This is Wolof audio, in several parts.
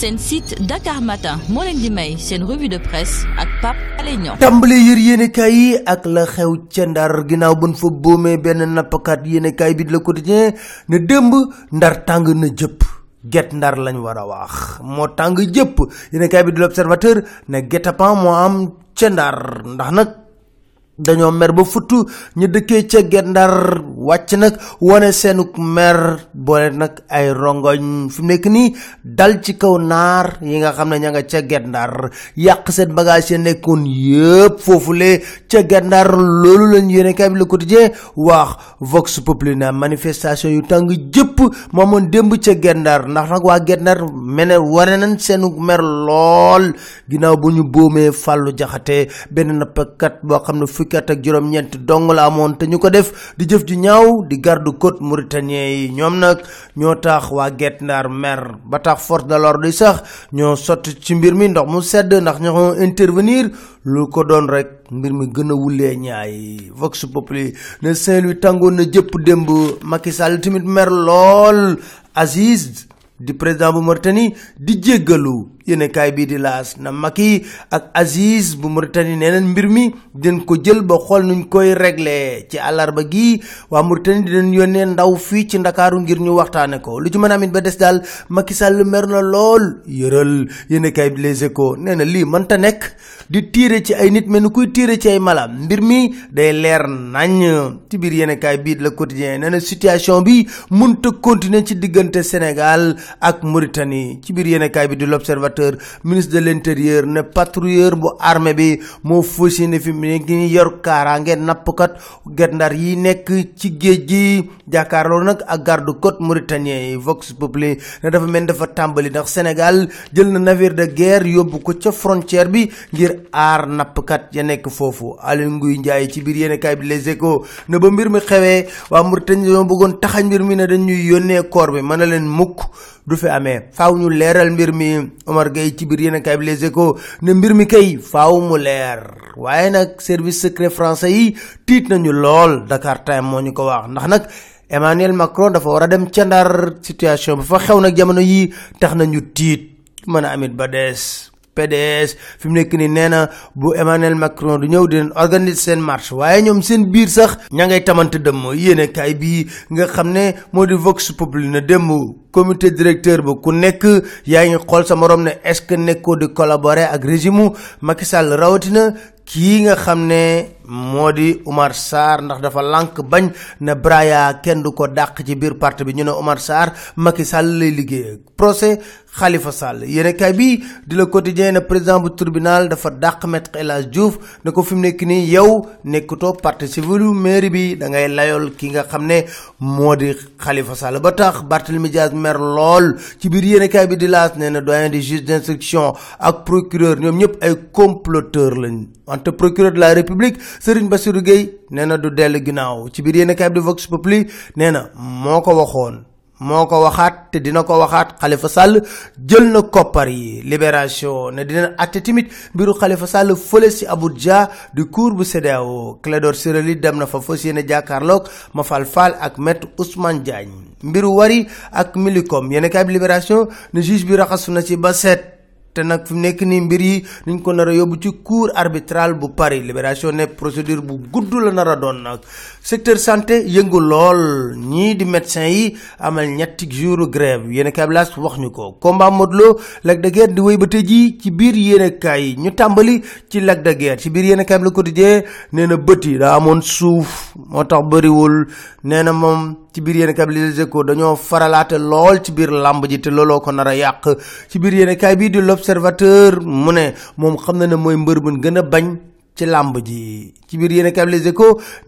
seen site Dakar Matin moo leen di may seen revue de presse ak Pape Alé Niang tàmbale yër yéenekaay yi ak la xew ca Ndar ginnaaw bën fa boomee benn nappkat yéenekaay bi di Le Quotidien ne démb Ndar tàng na jëpp get ndar lañ war a wax moo tàng jëpp yéenekaay bi di L'Observateur ne guet-apens moo am ca Ndar ndax nag dañoo mer ba futt ñu dëkkee ca get Ndar wacc nag wane seenuk mer boole nag ay rongoñ fi nekk nii dal ci kaw naar yi nga xam ne ña nga ca Guet yàq seen bagage ya nekkoon yëpp foofulee ca Guet Ndar loolu lañ yéene kaay bi Le Quotidien wax Vox Populi na manifestation yu tàng jëpp moomoon démb ca gendaar ndax nag waa Guet Ndar mene wane nañ seenuk mer lool ginnaaw bu ñu boomee fàllu jaxate benn nappkat boo xam ne fukki ak juróom-ñeent dong la amoon te ñu ko def di jëf ju ñaaw ginnaaw di garde côte mauritanien yi ñoom nag ñoo tax waa Guet Ndar mer ba tax force de l'ordre yi sax ñoo sotti ci mbir mi ndox mu sedd ndax ñoo intervenir lu ko doon rek mbir mi gën a wulee ñaay Vox Populi ne Saint-Louis tàngoon na jëpp démb Macky Sall tamit mer lool Aziz di président bu Mauritanie di jéggalu yéenekaay bii di laas na Macky ak Aziz bu Mauritanie nee neen mbir mi dinañ ko jël ba xool nuñ koy regle ci àllarba gi waa Mauritanie dinañ yónnee ndaw fii ci Ndakaaru ngir ñu waxtaane ko lu ci mën a amit ba des daal Macky sàll mer na lool yëral yéenekaay bi Les Échos nee na lii mënta nekk di tiire ci ay nit mel ni kuy tiire ci ay mbir mi day leer nañ ci biir yéenekaay bii Le Quotidien nee na situation bi mënta continuer ci diggante Sénégal ak Mauritanie ci biir yéenekaay bi di L'Observateur procurateur ministre de l'intérieur ne patrouilleur bu armée bi moo faussé ne fi mu ne ngi yor kaaraange nappkat Guet Ndar yi nekk ci géej gi jàkkaarloo nag ak garde côte mauritanien yi Vox Populi ne dafa mel dafa tàmbali ndax Sénégal jël na navire de guerre yóbbu ko ca frontière bi ngir aar nappkat ya nekk foofu Aly Ngouille Ndiaye ci biir yéenekaay bi Les Échos ne ba mbir mi xewee waa Mauritanie dañoo bëggoon taxañ mbir mi ne dañuy yónnee koor bi mën na leen mukk du fi amee Omar Gueye ci biir yéen kaay bi Les ne mbir mi kay faaw mu leer waaye nag service secret français yi tiit nañu lool Dakar Time moo ñu ko wax ndax nag Emmanuel Macron dafa war a dem ca Ndar situation bi fa xew nag jamono yi tax nañu tiit mën a amit ba dees PDS fi mu nekk nii nee na bu Emmanuel Macron du ñëw di leen organiser seen marche waaye ñoom seen biir sax ña ngay tamante dem yéene bii nga xam ne moo di Vox Populi na dem comité directeur ba ku nekk yaa ngi xool sa morom ne est-ce que nekkoo di collaborer ak régime Macky Sall rawatina kii nga xam ne moo di Umar Sarr ndax dafa lank bañ na Braya kenn du ko dàq ci biir parti bi ñu ne Umar Sarr Macky Sall lay liggéey procès xalifa Sall yéenekaay bi di Le Quotidien na président bu tribunal dafa dàq maître El Hadj Diouf ne ko fi mu nekk nii yow nekkutoo partie civile mairie bi da ngay layool ki nga xam ne moo di Khalifa Sall ba tax Barthélemy Dias mer lool ci biir yéenekaay bi di laas nee na doyen des juges d'instruction ak procureur ñoom ñëpp ay comploteur lañ. te procureur de la république Serigne ba Gueye nee na du dell ginnaaw ci biir yéenekaay bi di Vox Populi nee na moo ko waxoon moo ko waxaat te dina ko waxaat Khalifa Sall jël na koppar yi libération ne dina àtte tamit mbiru xalifa Sall fële si Abuja di cour bu CEDEAO Clédor Ciré Ly dem na fa fas yéene jàkkaarloog Mafal Fall ak maître Ousmane Diagne mbiru Wari ak Millicom yéenekaay bi libération ne juge bi raxasu na ci ba seet te nag fi mu nekk nii mbir yi nuñ ko nar a yóbbu ci cour arbitrale bu Paris libération ne procédure bu gudd la nar a doon nag secteur santé yëngu lool ñii di médecins yi amal ñetti jours grève yéenekaay bi laas wax ñu ko combat Modou Lo Lac de Guiers di wéy ba tey jii ci biir yéenekaay yi ñu tàmbali ci Lac de ci biir yéenekaay bi Le Quotidien nee na bët yi daa amoon suuf moo tax bëriwul nee na moom ci biir yéen kaay bi Les dañoo faralaate lool ci biir làmb ji te looloo ko nar a yàq ci biir yéen kaay bii di l'observateur mu ne moom xam na ne mooy mbër bu gën a bañ ci làmb ji ci biir yéen kaay bi Les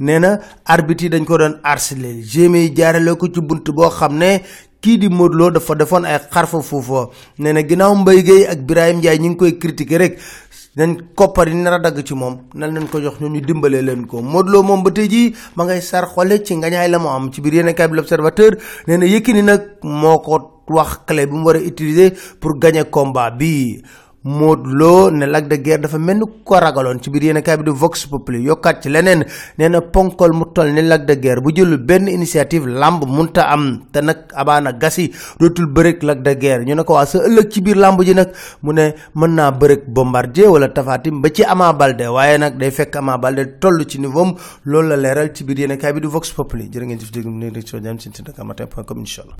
nee na arbitre yi dañ ko doon harcelé jéemé yi jaarale ko ci bunt boo xam ne kii di Modou Lo dafa defoon ay xarfa foofa nee na ginnaaw mbay Guèye ak Birahim Ndiaye ñi ngi koy critiquer rek nañ koppar yi nar a dagg ci moom nan nañ ko jox ñun ñu dimbalee leen ko Modou Lo moom ba tey jii ma ngay sar xole ci ngañaay la mu am ci biir yeneen kaay bi l'observateur nee na Yékini nag moo ko wax clé bi mu war a utiliser pour gagner combat bii Modou loo ne Lac de Guiers dafa mel ni ko ragaloon ci biir yéen kaay bi di Vox Populi yokkaat ci leneen nee na ponkol mu toll ni Lac de Guiers bu jëlul benn initiative lamb munta am te nag abaana gasi dootul bërëg Lac de Guiers ñu ne ko waa sa ëllëg ci biir làmb ji nag mu ne mën naa bërëg Bombardier wala tafaatim ba ci Ama Baldé waaye nag day fekk Ama Baldé toll ci niveau loolu la leeral ci biir yéen kaay bi di Vox Populi jërë ngeen ngeen si seen